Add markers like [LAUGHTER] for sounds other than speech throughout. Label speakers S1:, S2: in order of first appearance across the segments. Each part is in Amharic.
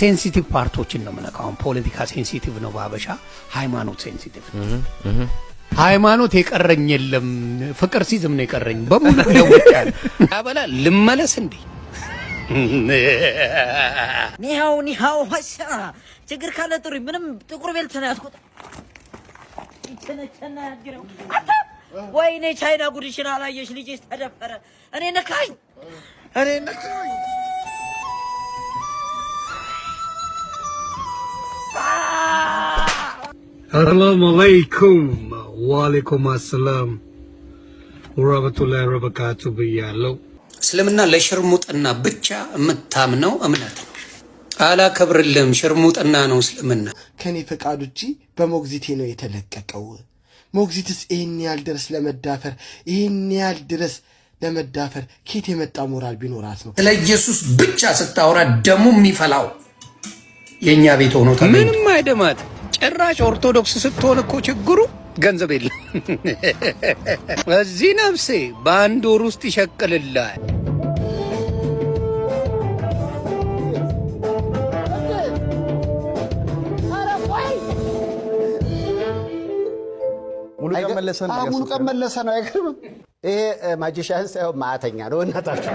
S1: ሴንሲቲቭ ፓርቶችን ነው የምነካው። አሁን ፖለቲካ ሴንሲቲቭ ነው በሀበሻ፣ ሃይማኖት ሴንሲቲቭ ሃይማኖት የቀረኝ የለም ፍቅር ሲዝም ነው የቀረኝ በሙሉ ለውጥ ያለ አበላ ልመለስ እንዴ
S2: ኒሃው ኒሃው ሀሻ ችግር ካለ ጥሩ ምንም ጥቁር ቤልት ነው ያስቆጣ ያግረው አታ ወይኔ ቻይና ጉድሽን አላየሽ ልጅ ተደፈረ እኔ ነካኝ እኔ ነካኝ
S3: አሰላሙ አለይኩም ወአለይኩም አሰላም ወራህመቱላሂ ወበረካቱ ብያለሁ።
S1: እስልምና ለሽርሙጥና ብቻ የምታምነው እምነት ነው። አላከብርልም፣ ሽርሙጥና ነው እስልምና።
S4: ከኔ ፈቃድ ውጪ በሞግዚቴ ነው የተለቀቀው። ሞግዚትስ ይህን ያህል ድረስ ለመዳፈር ይህን ያህል ድረስ ለመዳፈር ኬት የመጣ ሞራል ቢኖራት ነው?
S1: ስለ ኢየሱስ ብቻ ስታወራ ደሙ የሚፈላው የእኛ ቤት ሆኖ
S2: ምንም አይደማት። ጭራሽ ኦርቶዶክስ ስትሆን እኮ ችግሩ ገንዘብ የለም። [LAUGHS] እዚህ ነፍሴ በአንድ ወር ውስጥ ይሸቅልላል። ሙሉ መለሰ ነው አይገርምም? ይሄ ማጂሻን ሳይሆን ማዕተኛ ነው እናታቸው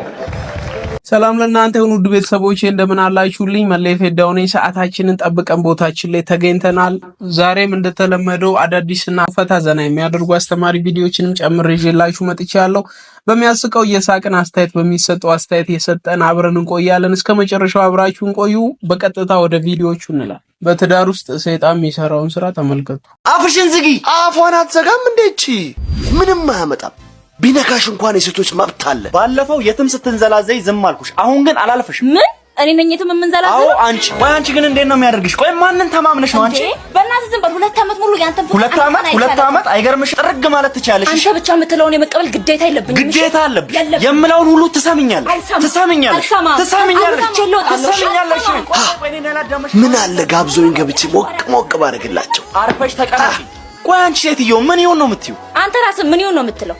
S5: ሰላም ለእናንተ ይሁን ውድ ቤተሰቦቼ፣ እንደምን አላችሁልኝ? መለየ ፌዳው ነኝ። ሰዓታችንን ጠብቀን ቦታችን ላይ ተገኝተናል። ዛሬም እንደተለመደው አዳዲስና ፈታ ዘና የሚያደርጉ አስተማሪ ቪዲዮዎችንም ጨምሬ ይዤላችሁ መጥቻለሁ። በሚያስቀው እየሳቅን አስተያየት በሚሰጠው አስተያየት የሰጠን አብረን እንቆያለን። እስከ መጨረሻው አብራችሁን ቆዩ። በቀጥታ ወደ ቪዲዮቹ እንላል። በትዳር ውስጥ ሰይጣን የሚሰራውን ስራ ተመልከቱ።
S1: አፍሽን ዝጊ። አፏን አትዘጋም። እንዴች? ምንም አያመጣም ቢነካሽ እንኳን የሴቶች መብት አለ። ባለፈው የትም ስትንዘላዘይ ዝም አልኩሽ። አሁን ግን አላልፍሽም።
S2: ምን እኔ ነኝ የትም የምንዘላዘው?
S1: አዎ አንቺ። ቆይ አንቺ ግን እንዴት ነው የሚያደርግሽ? ቆይ ማንን ተማምነሽ ነው አንቺ?
S2: በእናትህ ዝም በል። ሁለት ዓመት ሙሉ ያንተን
S1: ሁለት ዓመት ሁለት ዓመት አይገርምሽ? ጥርግ ማለት ትችያለሽ።
S2: አንተ ብቻ የምትለውን የመቀበል ግዴታ የለብኝም።
S1: ግዴታ አለብሽ። የምለውን ሁሉ ትሰሚኛለሽ፣ ትሰሚኛለሽ፣ ትሰሚኛለሽ፣ ትሰሚኛለሽ። ምን አለ ጋብዞኝ ገብቼ ሞቅ ሞቅ ባደርግላቸው። አርፈሽ ተቀመጪ። ቆይ አንቺ ሴትዮ ምን ይሁን ነው የምትይው?
S2: አንተ ራስህ ምን ይሁን ነው የምትለው?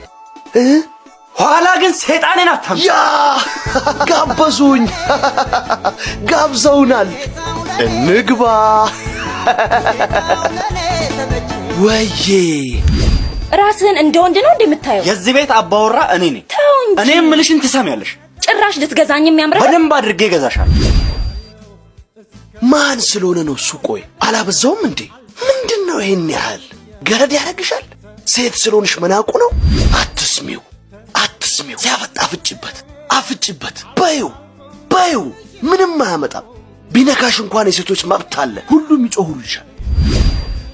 S1: ኋላ ግን ሰይጣኔን አታም ያ ጋበዙኝ፣ ጋብዘውናል፣ እንግባ ወዬ
S2: ራስህን እንደ ወንድ ነው እንደምታየው?
S1: የዚህ ቤት አባወራ እኔ ነኝ። ተው እንጂ። እኔ የምልሽን ትሰሚያለሽ።
S2: ጭራሽ ልትገዛኝ የሚያምረ
S1: በደንብ አድርጌ ገዛሻል። ማን ስለሆነ ነው እሱ? ቆይ አላበዛውም እንዴ? ምንድን ነው ይሄን ያህል ገረድ ያደርግሻል? ሴት ስለሆንሽ መናቁ ነው። አትስሚው፣ አትስሚው። ሲያፈጥ አፍጭበት፣ አፍጭበት። በዩ በይው ምንም አያመጣም። ቢነካሽ እንኳን የሴቶች መብት አለ። ሁሉም ይጮሁልሻል።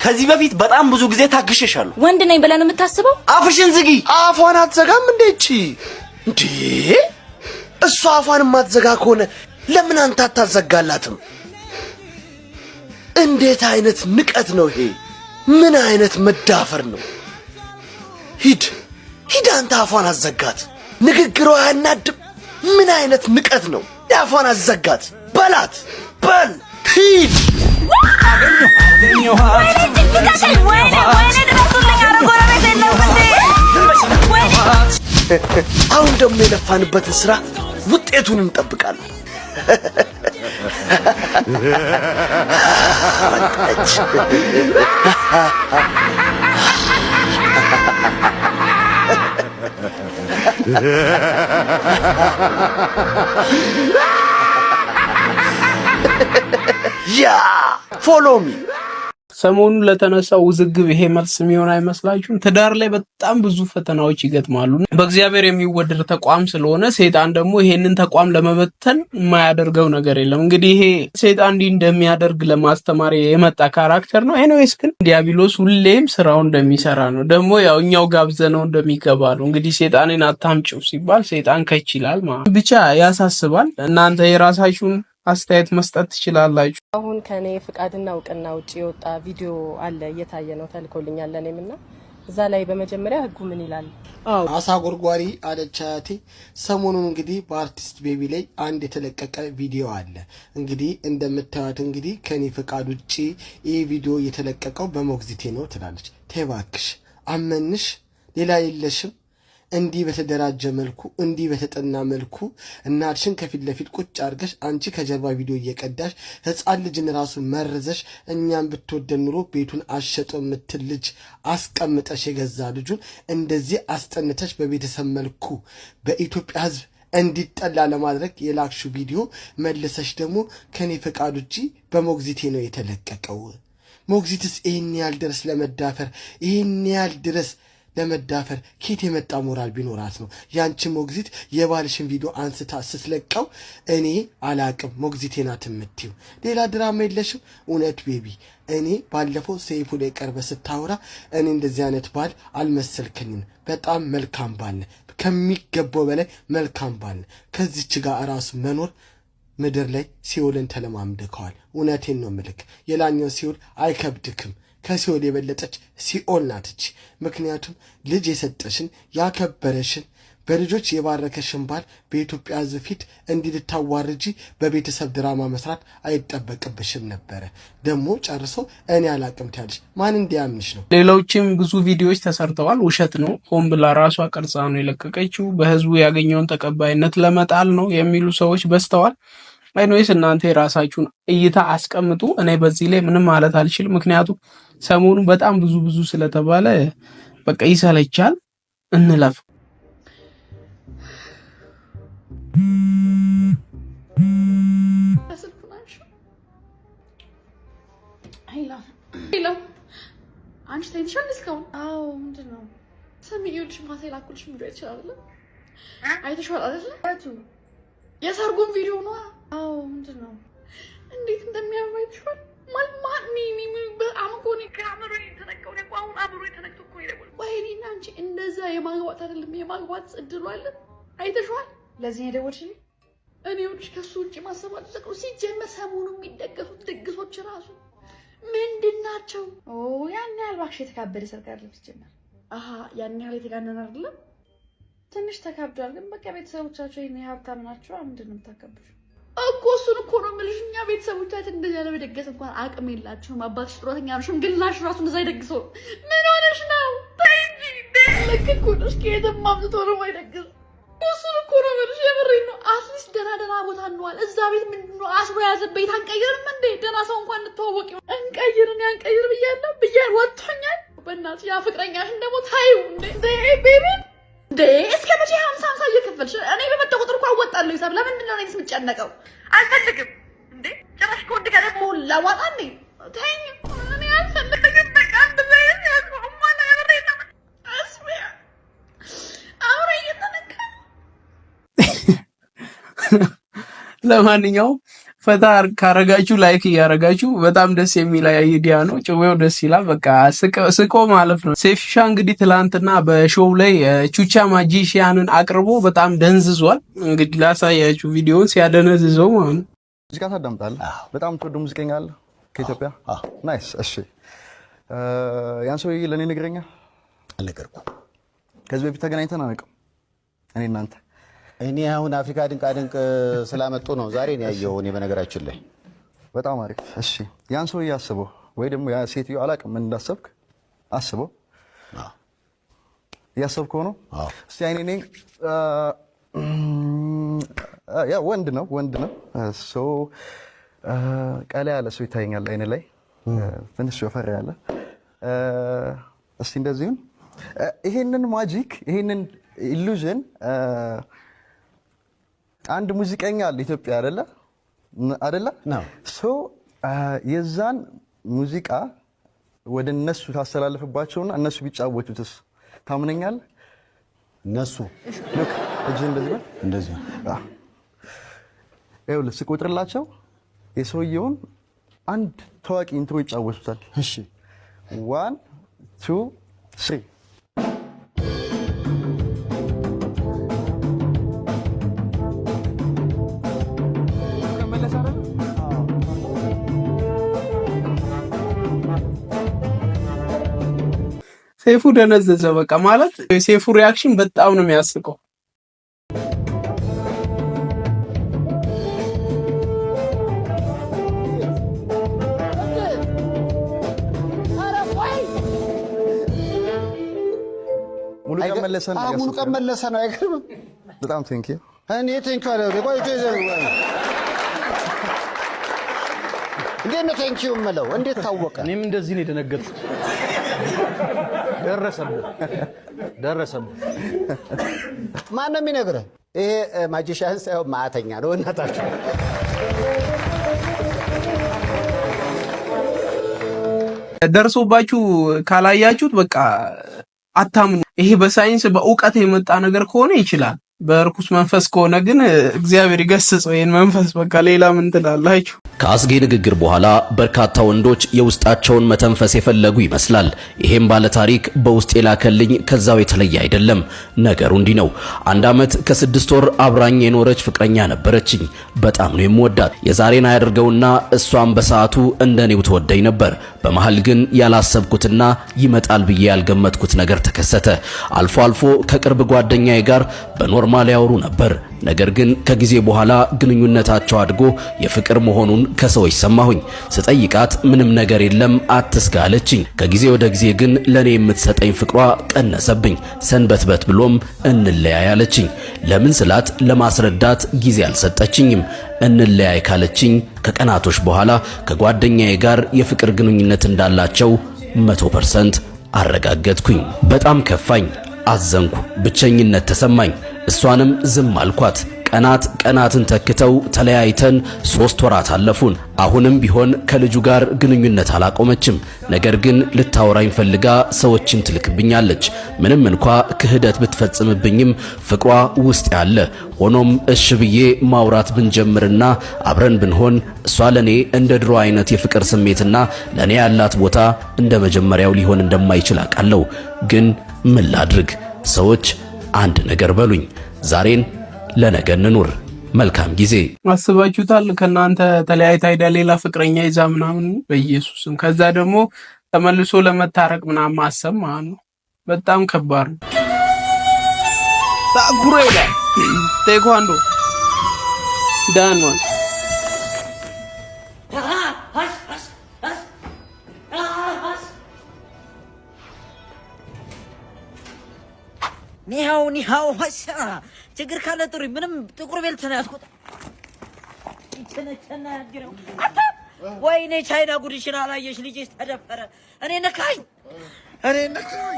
S1: ከዚህ በፊት በጣም ብዙ ጊዜ ታግሼሻለሁ።
S2: ወንድ ነኝ ብለን የምታስበው
S1: አፍሽን ዝጊ። አፏን አትዘጋም እንዴቺ? እንዴ እሷ አፏን የማትዘጋ ከሆነ ለምን አንተ አታዘጋላትም? እንዴት አይነት ንቀት ነው ይሄ! ምን አይነት መዳፈር ነው! ሂድ ሂድ፣ አንተ አፏን አዘጋት። ንግግሯ አያናድም? ምን አይነት ንቀት ነው? አፏን አዘጋት በላት፣ በል ሂድ። አሁን ደግሞ የለፋንበትን ስራ ውጤቱን እንጠብቃለን። [LAUGHS] yeah, follow me.
S5: ሰሞኑን ለተነሳው ውዝግብ ይሄ መልስ የሚሆን አይመስላችሁም? ትዳር ላይ በጣም ብዙ ፈተናዎች ይገጥማሉ። በእግዚአብሔር የሚወደድ ተቋም ስለሆነ ሴጣን ደግሞ ይሄንን ተቋም ለመበተን የማያደርገው ነገር የለም። እንግዲህ ይሄ ሴጣን እንዲህ እንደሚያደርግ ለማስተማር የመጣ ካራክተር ነው። ኤኒዌይስ ግን ዲያብሎስ ሁሌም ስራው እንደሚሰራ ነው። ደግሞ ያው እኛው ጋብዘነው እንደሚገባ ነው። እንግዲህ ሴጣንን አታምጭው ሲባል ሴጣን ከች ይላል ማለት ብቻ ያሳስባል። እናንተ የራሳችሁን አስተያየት መስጠት ትችላላችሁ።
S6: አሁን ከኔ ፍቃድና እውቅና ውጭ የወጣ ቪዲዮ አለ እየታየ ነው ተልኮልኛለን የምና እዛ ላይ በመጀመሪያ ህጉ ምን ይላል?
S5: አሳ ጎርጓሪ አለች አያቴ። ሰሞኑን እንግዲህ በአርቲስት ቤቢ ላይ አንድ የተለቀቀ ቪዲዮ አለ። እንግዲህ እንደምታዩት እንግዲህ ከኔ ፍቃድ ውጭ ይህ ቪዲዮ የተለቀቀው በሞግዚቴ ነው ትላለች። ተባክሽ አመንሽ ሌላ የለሽም እንዲህ በተደራጀ መልኩ እንዲህ በተጠና መልኩ እናትሽን ከፊት ለፊት ቁጭ አድርገሽ አንቺ ከጀርባ ቪዲዮ እየቀዳሽ ህፃን ልጅን ራሱን መርዘሽ እኛም ብትወደን ኑሮ ቤቱን አሸጦ የምትል ልጅ አስቀምጠሽ የገዛ ልጁን እንደዚህ አስጠንተሽ በቤተሰብ መልኩ በኢትዮጵያ ህዝብ እንዲጠላ ለማድረግ የላክሹ ቪዲዮ መልሰሽ ደግሞ ከኔ ፈቃድ ውጪ በሞግዚቴ ነው የተለቀቀው። ሞግዚትስ ይህን ያህል ድረስ ለመዳፈር ይህን ያህል ድረስ ለመዳፈር ኬት የመጣ ሞራል ቢኖራት ነው? ያንቺ ሞግዚት የባልሽን ቪዲዮ አንስታ ስትለቀው እኔ አላቅም ሞግዚቴ ናት የምትይው። ሌላ ድራማ የለሽም? እውነት ቤቢ፣ እኔ ባለፈው ሰይፉ ላይ ቀርበ ስታወራ እኔ እንደዚህ አይነት ባል አልመሰልክኝም። በጣም መልካም ባል፣ ከሚገባው በላይ መልካም ባል። ከዚች ጋር ራሱ መኖር ምድር ላይ ሲውልን ተለማምድከዋል። እውነቴን ነው ምልክ፣ የላኛው ሲውል አይከብድክም። ከሲኦል የበለጠች ሲኦል ናትች። ምክንያቱም ልጅ የሰጠሽን ያከበረሽን በልጆች የባረከሽን ባል በኢትዮጵያ ሕዝብ ፊት እንዲህ ልታዋርጂ በቤተሰብ ድራማ መስራት አይጠበቅብሽም ነበረ። ደግሞ ጨርሶ እኔ አላቅም ትያለሽ። ማን እንዲያምንሽ ነው? ሌሎችም ብዙ ቪዲዮዎች ተሰርተዋል። ውሸት ነው፣ ሆን ብላ ራሷ ቀርጻ ነው የለቀቀችው፣ በህዝቡ ያገኘውን ተቀባይነት ለመጣል ነው የሚሉ ሰዎች በዝተዋል። አይኖይስ እናንተ የራሳችሁን እይታ አስቀምጡ። እኔ በዚህ ላይ ምንም ማለት አልችልም፣ ምክንያቱም ሰሞኑ በጣም ብዙ ብዙ ስለተባለ በቃ ይሰለቻል። እንለፍ።
S7: አንቺ ታይተሻል እስካሁን? አዎ። ምንድን ነው ይኸውልሽ፣ ማታ የላኩልሽ ይችላል አይተሽዋል አይደለ? የሰርጉን ቪዲዮ ነው። አዎ። ምንድን ነው እንዴት እንደሚያምር አይተሽዋል? ማለት ማን ምን እኔ ከአእምሮ የተነቀው እኮ አሁን አእምሮ የተነቀው እኮ ይደውል ወይኔ እና አንቺ እንደዛ የማግባት አይደለም የማግባት እድሉ አለ አይተሽዋል። ለዚህ የደወልሽ እኔ ውጭ ከሱ ውጭ ማሰባት ጥቅሩ ሲጀመር ሰሞኑ የሚደገሱት ድግሶች ራሱ ምንድን ናቸው?
S8: ያን ያህል ባክሽ የተካበደ ሰርግ አይደለም ሲጀመር።
S7: አሀ ያን ያህል የተጋነን አይደለም፣ ትንሽ ተካብዷል። ግን በቃ ቤተሰቦቻቸው ይሄን ሀብታም ናቸው። ምንድን ነው የምታከብዱ እኮ እሱን እኮ ነው የምልሽ። እኛ ቤተሰቦቻችን እንደዚህ ያለ መደገስ እንኳን አቅም የላችሁም። አባትሽ ስጥሮተኛ ነው። ሽምግልናሽ ራሱ እንደዛ አይደግሰው። ምን ሆነሽ ነው? ልክ እኮ ነሽ። ከየትም አምጥቶ ነው የማይደግስ። እሱን እኮ ነው የምልሽ። የምሬን ነው። አትሊስት ደህና ደህና ቦታ እንዋል። እዛ ቤት ምንድን ነው አስሮ የያዘ ቤት አንቀይርም እንዴ? ደህና ሰው እንኳን እንተዋወቅ። እንቀይርን ያንቀይር ብያለሁ ብያ ወጥቶኛል። በእናትሽ ያ ፍቅረኛሽን ደግሞ ታዩ እንዴ ቤቤን እንዴ እስከ መቼ ሀምሳ ሀምሳ እየከፈልሽ? እኔ በመጣ ቁጥር እኮ አወጣለሁ ሂሳብ። ለምንድን ነው እኔስ የምጨነቀው? አልፈልግም እንዴ ጭራሽ ከወንድ ጋር ደግሞ ላዋጣ እንዴ ተይኝ። እኔ አልፈልግም በቃ
S5: ለማንኛውም ፈታ ካረጋችሁ ላይክ እያረጋችሁ በጣም ደስ የሚል አይዲያ ነው። ጭዌው ደስ ይላል። በቃ ስቆ ማለፍ ነው። ሴፍሻ እንግዲህ ትላንትና በሾው ላይ ቹቻ ማጂሽያንን አቅርቦ በጣም ደንዝዟል። እንግዲህ ላሳያችሁ ቪዲዮን ሲያደነዝዘው ማለት ነው።
S9: ሙዚቃ ታዳምጣለህ? በጣም ትወዱ ሙዚቀኛ አለ ከኢትዮጵያ? ናይስ። እሺ፣ ያን ሰውዬ ለእኔ ንገረኛ። አልነገርኩም። ከዚህ በፊት ተገናኝተን አናውቅም እኔ እናንተ
S10: እኔ አሁን አፍሪካ ድንቅ ስላመጡ ነው ዛሬ ነው ያየው። እኔ በነገራችን ላይ
S9: በጣም አሪፍ። እሺ ያን ሰው አስበው፣ ወይ ደግሞ ያ ሴትዮ አላቅም ምን እንዳሰብክ አስበው። ያሰብከው ነው እስቲ አይኔ ነኝ ያ ወንድ ነው ወንድ ነው ሶ ቀላ ያለ ሰው ይታየኛል አይነ ላይ ትንሽ ወፈር ያለ እስቲ እንደዚሁን ይሄንን ማጂክ ይሄንን ኢሉዥን አንድ ሙዚቀኛ አለ ኢትዮጵያ አይደለ አይደለ ሶ የዛን ሙዚቃ ወደ እነሱ ታስተላልፍባቸውና እነሱ ቢጫወቱትስ ታምነኛል እነሱ እጅ እንደዚህ
S10: ነው እንደዚህ ነው።
S9: ይኸውልህ ስቆጥርላቸው የሰውየውን አንድ ታዋቂ ኢንትሮ ይጫወቱታል። እሺ ዋን ቱ ስሪ
S5: ሴፉ ደነዘዘ። በቃ ማለት የሴፉ ሪያክሽን በጣም ነው የሚያስቀው።
S4: ሙሉ ቀን
S2: መለሰ ነው አይገርምም? በጣም ቴንኪ እኔ ቴንኪ አለ ቆይቶ እንዴት ነው ቴንኪው የምለው እንዴት ታወቀ?
S11: እኔም እንደዚህ ነው የደነገጥኩት። ደረሰብህ ደረሰብህ።
S2: ማን ነው የሚነግርህ? ይሄ ማጂሻህን ሳይሆን ማዕተኛ ነው። እናታቸው
S5: ደርሶባችሁ ካላያችሁት በቃ አታምኑ። ይሄ በሳይንስ በእውቀት የመጣ ነገር ከሆነ ይችላል በርኩስ መንፈስ ከሆነ ግን እግዚአብሔር ይገስጸው ይህን መንፈስ። በቃ ሌላ ምን ትላላችሁ?
S12: ከአስጌ ንግግር በኋላ በርካታ ወንዶች የውስጣቸውን መተንፈስ የፈለጉ ይመስላል። ይሄም ባለታሪክ በውስጥ የላከልኝ ከዛው የተለየ አይደለም። ነገሩ እንዲህ ነው። አንድ ዓመት ከስድስት ወር አብራኝ የኖረች ፍቅረኛ ነበረችኝ። በጣም ነው የምወዳት። የዛሬን አያደርገውና እሷም በሰዓቱ እንደ እኔው ትወደኝ ነበር። በመሀል ግን ያላሰብኩትና ይመጣል ብዬ ያልገመትኩት ነገር ተከሰተ። አልፎ አልፎ ከቅርብ ጓደኛዬ ጋር በኖር ኖርማል ያወሩ ነበር። ነገር ግን ከጊዜ በኋላ ግንኙነታቸው አድጎ የፍቅር መሆኑን ከሰዎች ሰማሁኝ። ስጠይቃት ምንም ነገር የለም አትስጋ አለችኝ። ከጊዜ ወደ ጊዜ ግን ለእኔ የምትሰጠኝ ፍቅሯ ቀነሰብኝ። ሰንበትበት ብሎም እንለያይ አለችኝ። ለምን ስላት ለማስረዳት ጊዜ አልሰጠችኝም። እንለያይ ካለችኝ ከቀናቶች በኋላ ከጓደኛዬ ጋር የፍቅር ግንኙነት እንዳላቸው መቶ ፐርሰንት አረጋገጥኩኝ። በጣም ከፋኝ፣ አዘንኩ፣ ብቸኝነት ተሰማኝ። እሷንም ዝም አልኳት። ቀናት ቀናትን ተክተው ተለያይተን ሶስት ወራት አለፉን። አሁንም ቢሆን ከልጁ ጋር ግንኙነት አላቆመችም። ነገር ግን ልታወራኝ ፈልጋ ሰዎችን ትልክብኛለች። ምንም እንኳ ክህደት ብትፈጽምብኝም ፍቅሯ ውስጥ ያለ ሆኖም እሽ ብዬ ማውራት ብንጀምርና አብረን ብንሆን እሷ ለኔ እንደ ድሮ አይነት የፍቅር ስሜትና ለኔ ያላት ቦታ እንደ መጀመሪያው ሊሆን እንደማይችል አውቃለሁ። ግን ምን ላድርግ ሰዎች አንድ ነገር በሉኝ። ዛሬን ለነገ እንኑር። መልካም ጊዜ።
S5: አስባችሁታል? ከእናንተ ተለያይታ ሄዳ ሌላ ፍቅረኛ ይዛ ምናምን በኢየሱስም ከዛ ደግሞ ተመልሶ ለመታረቅ ምናምን ማሰብ ማለት ነው። በጣም ከባድ ነው። ታኩሬ ቴኳንዶ ዳን
S2: ኒሃው ኒሃው ችግር ካለ ጥሪ ምንም ጥቁር ቤልት ነው ያስቆጣ። ወይኔ ቻይና ጉድሽን አላየሽ፣ ልጅ ተደፈረ። እኔ ነካኝ፣ እኔ ነካኝ።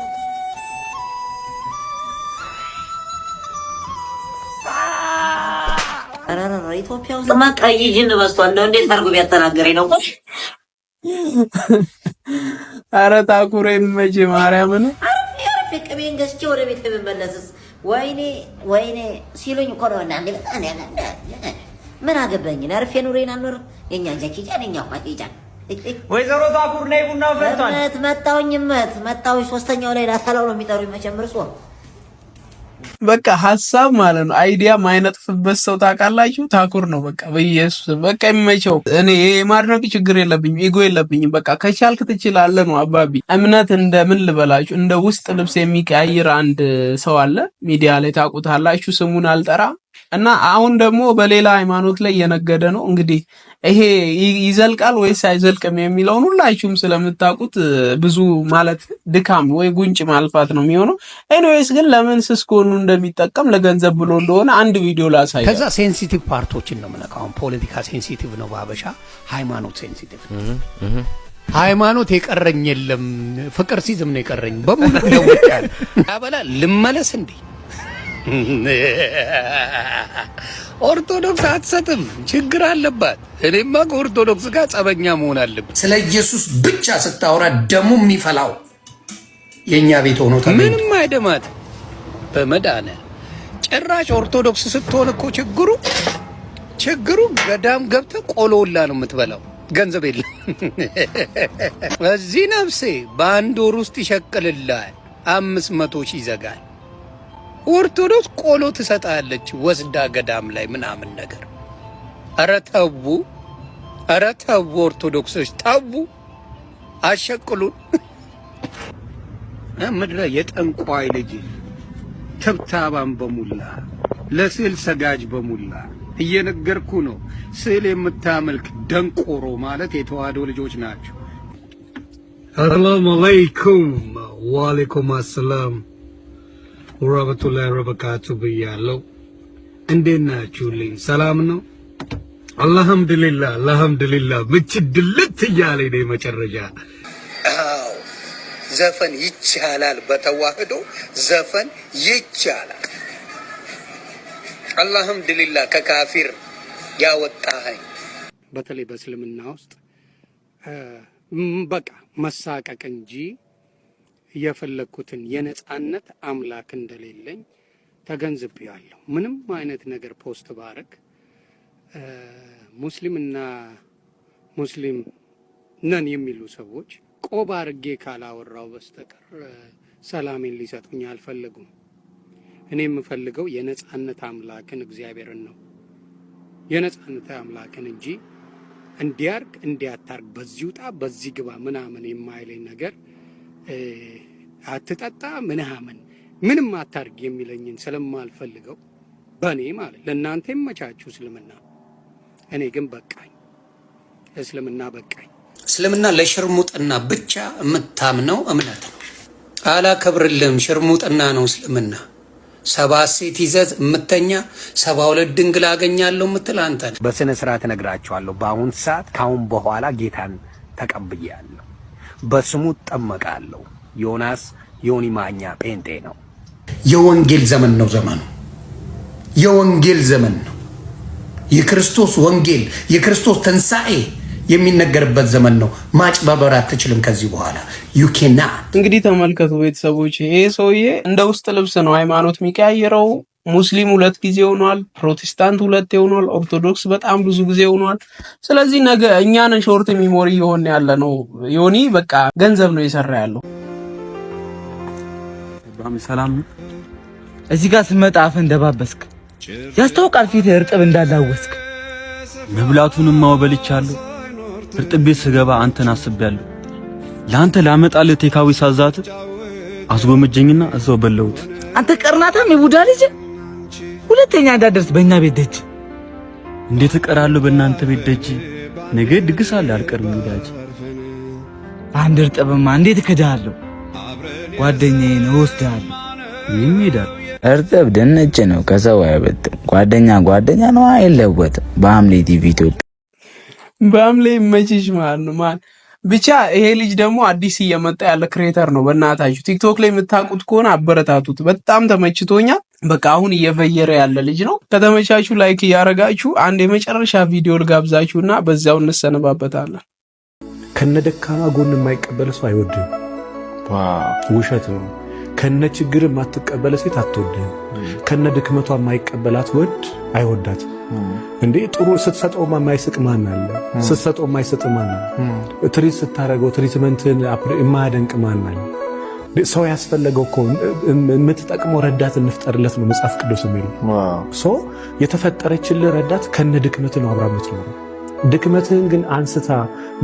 S2: ኢትዮጵያ ውስጥ ቀይ ጅን በዝቷል። ነው እንዴት አድርጎ ቢያተናገረኝ ነው።
S5: አረ ታኩሬ መቼ ማርያምን
S2: ቅቤን ገዝቼ ወደ ቤት ብመለስስ ወይኔ ወይኔ ሲሉኝ እኮ ነው። እና ምን አገባኝ? ነርፌ ኑሬን አልኖር የኛ ጃኪጃን የኛ ኳኪጃን ወይዘሮ ታኩር ነይ ቡና ፈልቷል። እመት መጣሁኝ፣ እመት መጣሁኝ። ሶስተኛው ላይ ላተላው ነው የሚጠሩኝ መቼም እርሶ
S5: በቃ ሀሳብ ማለት ነው። አይዲያ ማይነጥፍበት ሰው ታውቃላችሁ፣ ታኩር ነው። በቃ በኢየሱስ በቃ የሚመቸው እኔ የማድነቅ ችግር የለብኝም፣ ኢጎ የለብኝም። በቃ ከቻልክ ትችላለህ ነው አባቢ። እምነት እንደ ምን ልበላችሁ፣ እንደ ውስጥ ልብስ የሚቀያይር አንድ ሰው አለ፣ ሚዲያ ላይ ታውቁታላችሁ። ስሙን አልጠራ እና አሁን ደግሞ በሌላ ሃይማኖት ላይ እየነገደ ነው። እንግዲህ ይሄ ይዘልቃል ወይስ አይዘልቅም የሚለውን ሁላችሁም ስለምታውቁት ብዙ ማለት ድካም ወይ ጉንጭ ማልፋት ነው የሚሆነው። ኤኒዌይስ ግን ለምን ስስኮኑ ከሆኑ እንደሚጠቀም ለገንዘብ ብሎ እንደሆነ አንድ ቪዲዮ ላሳይ።
S1: ከዛ ሴንሲቲቭ ፓርቶችን ነው ምነካው። ፖለቲካ ሴንሲቲቭ ነው በሀበሻ ሃይማኖት ሴንሲቲቭ ነው። ሃይማኖት የቀረኝ የለም ፍቅር ሲዝም ነው የቀረኝ በሙሉ ለውጫል አበላ ልመለስ እንዴ ኦርቶዶክስ አትሰጥም፣ ችግር አለባት። እኔማ ከኦርቶዶክስ ጋር ጸበኛ መሆን አለብን። ስለ ኢየሱስ ብቻ ስታወራ ደሙ የሚፈላው የእኛ ቤት ሆኖ
S2: ምንም አይደማት በመዳነ ጭራሽ ኦርቶዶክስ ስትሆን እኮ ችግሩ ችግሩ ገዳም ገብተ ቆሎላ ነው የምትበላው። ገንዘብ የለ በዚህ ነፍሴ በአንድ ወር ውስጥ ይሸቅልላል አምስት መቶ ሺህ ይዘጋል። ኦርቶዶክስ ቆሎ ትሰጣለች ወስዳ ገዳም ላይ ምናምን ነገር። ኧረ ተዉ፣ ኧረ ተዉ፣ ኦርቶዶክሶች ተዉ፣ አሸቅሉን። ምድረ የጠንቋይ ልጅ ተብታባን በሙላ ለስዕል ሰጋጅ በሙላ እየነገርኩ ነው። ስዕል የምታመልክ ደንቆሮ ማለት የተዋህዶ ልጆች ናቸው።
S3: አሰላሙ አለይኩም ወአለይኩም አሰላም ወራህመቱላሂ ረበካቱ ብያለሁ። እንዴት ናችሁልኝ? ሰላም ነው? አልሐምዱሊላህ አልሐምዱሊላህ። ምች ድልት እያለኝ ነው። መጨረሻ
S1: ዘፈን ይቻላል፣ በተዋህዶ ዘፈን ይቻላል። አልሐምዱሊላህ ከካፊር ያወጣኸኝ። በተለይ በእስልምና ውስጥ በቃ መሳቀቅ እንጂ የፈለግኩትን የነጻነት አምላክ እንደሌለኝ ተገንዝቤዋለሁ። ምንም አይነት ነገር ፖስት ባረግ ሙስሊምና ሙስሊም ነን የሚሉ ሰዎች ቆብ አርጌ ካላወራው በስተቀር ሰላሜን ሊሰጡኝ አልፈለጉም። እኔ የምፈልገው የነጻነት አምላክን እግዚአብሔርን ነው የነጻነት አምላክን እንጂ እንዲያርግ እንዲያታርግ በዚህ ውጣ በዚህ ግባ ምናምን የማይለኝ ነገር አትጠጣ ምንሃምን ምንም አታርግ የሚለኝን ስለማልፈልገው በእኔ ማለት ለእናንተ የመቻችሁ እስልምና፣ እኔ ግን በቃኝ፣ እስልምና በቃኝ። እስልምና ለሽርሙጥና ብቻ የምታምነው እምነት ነው። አላከብርልም፣ ሽርሙጥና ነው እስልምና። ሰባት ሴት ይዘት የምተኛ ሰባ ሁለት ድንግል አገኛለሁ የምትል አንተ በስነ ስርዓት እነግራቸዋለሁ። በአሁን ሰዓት ከአሁን በኋላ ጌታን ተቀብያለሁ። በስሙ ጠመቃለሁ። ዮናስ ዮኒ ማኛ ጴንጤ ነው። የወንጌል ዘመን ነው። ዘመኑ የወንጌል ዘመን ነው። የክርስቶስ ወንጌል የክርስቶስ ትንሣኤ የሚነገርበት ዘመን ነው። ማጭበርበር አትችልም ከዚህ በኋላ ዩኬና።
S5: እንግዲህ ተመልከቱ ቤተሰቦች፣ ይሄ ሰውዬ እንደ ውስጥ ልብስ ነው ሃይማኖት የሚቀያይረው ሙስሊም ሁለት ጊዜ ሆኗል። ፕሮቴስታንት ሁለት ሆኗል። ኦርቶዶክስ በጣም ብዙ ጊዜ ሆኗል። ስለዚህ ነገ እኛን ሾርት ሚሞሪ የሆን ያለ ነው። ዮኒ በቃ ገንዘብ ነው የሰራ ያለው። ሰላም እዚህ ጋር ስመጣ አፍ እንደባበስክ ያስታውቃል። ፊት እርጥብ እንዳላወስክ መብላቱንም ማወበልቻለሁ። እርጥብ ቤት ስገባ አንተን አስቤያለሁ። ለአንተ ላመጣልህ ቴካዊ ሳዛት አስጎመጀኝና እዛው በለውት። አንተ ቀርናታም የቡዳ ልጅ ሁለተኛ እንዳደርስ በእኛ ቤት ደጅ እንዴት እቀራለሁ? በእናንተ ቤት ደጅ ነገ ድግስ አለ አልቀርም። ወዳጅ አንድ እርጥብማ እንዴት እክድሃለሁ? ጓደኛዬን እወስድሃለሁ። ይህም ይሄዳል። እርጥብ ድንች ነው፣ ከሰው አይበልጥም። ጓደኛ ጓደኛ ነው፣ አይለወጥም። በሐምሌ ቲቪ ኢትዮጵያ። በሐምሌ መችሽ ማለት ነው። ብቻ ይሄ ልጅ ደግሞ አዲስ እየመጣ ያለ ክሬተር ነው። በእናታችሁ ቲክቶክ ላይ የምታውቁት ከሆነ አበረታቱት። በጣም ተመችቶኛል። በቃ አሁን እየፈየረ ያለ ልጅ ነው። ከተመቻችሁ ላይክ እያደረጋችሁ አንድ የመጨረሻ ቪዲዮ ልጋብዛችሁና በዚያው እንሰነባበታለን። ከነደካማ ጎን የማይቀበል ሰው አይወድም። ውሸት ነው። ከነ ችግር የማትቀበለ ሴት አትወድም። ከነ ድክመቷ የማይቀበላት ወድ አይወዳት እንዴ ጥሩ ስትሰጠው የማይስቅ ማን አለ? ስትሰጠው የማይሰጥ ማን አለ? ትሪት ስታደረገው ትሪትመንትን የማያደንቅ ማን አለ? ሰው ያስፈለገው እኮ የምትጠቅመው ረዳት እንፍጠርለት ነው መጽሐፍ ቅዱስ የሚለው ሶ የተፈጠረችልህ ረዳት ከነ ድክመት ነው አብራ የምትኖረው። ድክመትህን ግን አንስታ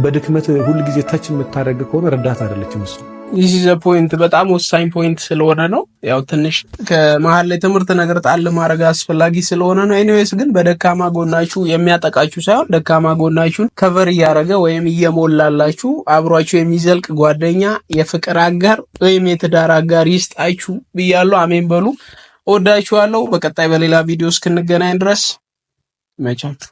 S5: በድክመት ሁልጊዜ ተች የምታደረግ ከሆነ ረዳት አይደለችም እሱ ይህ ዘ ፖይንት በጣም ወሳኝ ፖይንት ስለሆነ ነው። ያው ትንሽ ከመሀል ላይ ትምህርት ነገር ጣል ማድረግ አስፈላጊ ስለሆነ ነው። ኤኒዌይስ ግን በደካማ ጎናችሁ የሚያጠቃችሁ ሳይሆን ደካማ ጎናችሁን ከቨር እያደረገ ወይም እየሞላላችሁ አብሯችሁ የሚዘልቅ ጓደኛ፣ የፍቅር አጋር ወይም የትዳር አጋር ይስጣችሁ ብያለሁ። አሜን በሉ። እወዳችኋለሁ። በቀጣይ በሌላ ቪዲዮ እስክንገናኝ ድረስ መቻችሁ